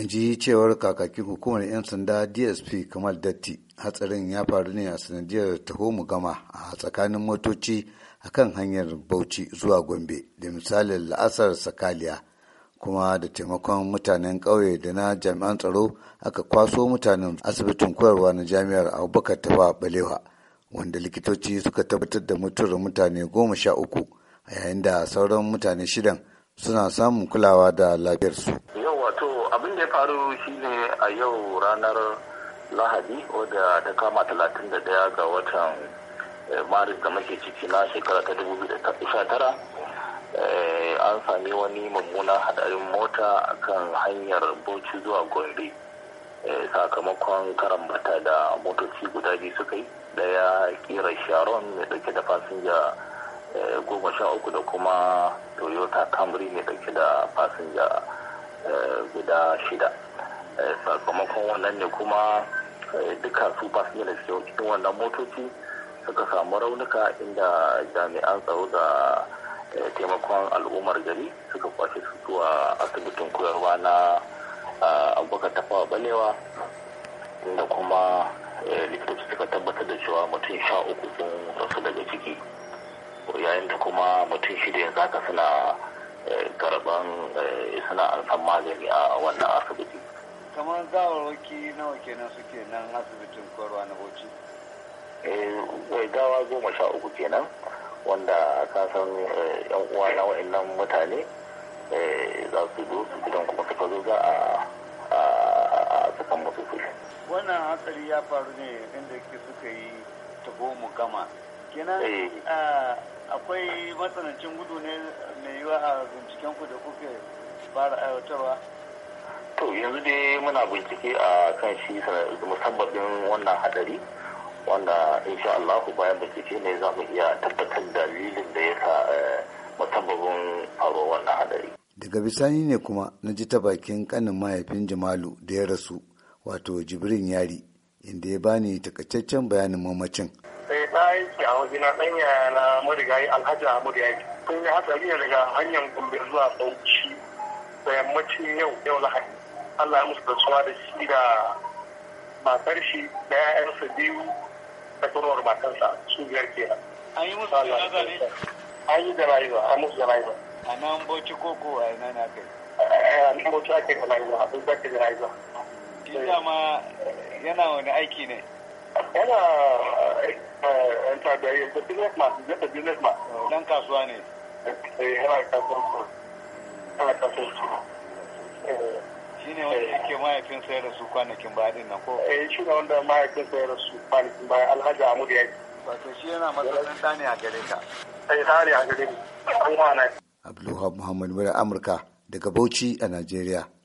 in ji cewar kakakin hukumar 'yan sanda dsp kamal datti hatsarin ya faru ne a sanadiyar taho mu gama a tsakanin motoci a kan hanyar bauchi zuwa gombe da misalin la'asar sakaliya kuma da taimakon mutanen kauye da na jami'an tsaro aka kwaso mutanen asibitin koyarwa na jami'ar abubakar tafa balewa wanda likitoci suka tabbatar da mutuwar mutane goma sha uku a yayin da sauran mutane shidan suna samun kulawa da lafiyarsu. abin da ya faru shine a yau ranar lahadi wadda ta kama 31 ga watan eh, maris da muke ciki na shekara ta 2019 eh, an sami wani mummunan hadarin mota kan hanyar bauchi zuwa gombe eh, sakamakon karambata da motoci guda biyu suka yi daya kira sharon mai dauke da fasinja goma sha uku da kuma toyota camry mai dauke da fasinja Eh, guda shida eh, sakamakon wannan ne kuma eh, duka su fasinja da suke cikin wannan motoci suka samu raunuka inda jami'an tsaro da taimakon al'ummar gari suka kwashe su zuwa asibitin koyarwa na abubakar tafawa balewa inda kuma likitoci suka tabbatar da cewa mutum sha uku sun rasu daga ciki yayin da kuma mutum shida yanzu haka suna Eh, karban eh, suna kan magani a wannan asibiti kamar gawarwaki nawa kenan suke nan asibitin korwa na bauchi eh gawa goma sha uku kenan wanda ka san eh, yan uwa na wa'annan mutane za su zo su gidan kuma suka zo za a sukan musu su wannan hatsari ya faru ne inda suka yi tago mu gama kenan akwai matsanancin gudu ne a binciken ku da kuke fara aiwatarwa to yanzu dai muna bincike a kan shi musabbabin wannan hadari wanda insha Allah bayan bincike ne za mu iya tabbatar dalilin da ya sa eh, musabbabin faruwar wannan hadari daga bisani ne kuma na ji ta bakin kanin mahaifin Jamalu da ya rasu wato Jibrin Yari inda ya bani takaitaccen bayanin mamacin sai ɗan yake a wajena ɗan yana marigayi alhaji Ahmadu sun yi hatsari ne daga hanyar gombe zuwa bauchi da yammacin yau yau lahadi allah ya musu suwa da shi da matar shi da 'ya'yansa biyu da kurwar matarsa su biyar nan. an yi musu da ne an yi rayuwa an musu rayuwa. a nan bauchi ko ko a nan na kai? Eh, a nan bauchi ake rayuwa a bauchi ake janaza shi ma yana wani aiki ne yana manta da business man da business man kasuwa ne eh, shi wanda yake mahaifin sayar da su kwanakin nan eh, shi ne wanda mahaifin sayar da su kwanakin alhaji wato yana a gare ka eh a gare Muhammad Mura Amurka daga Bauchi a Najeriya.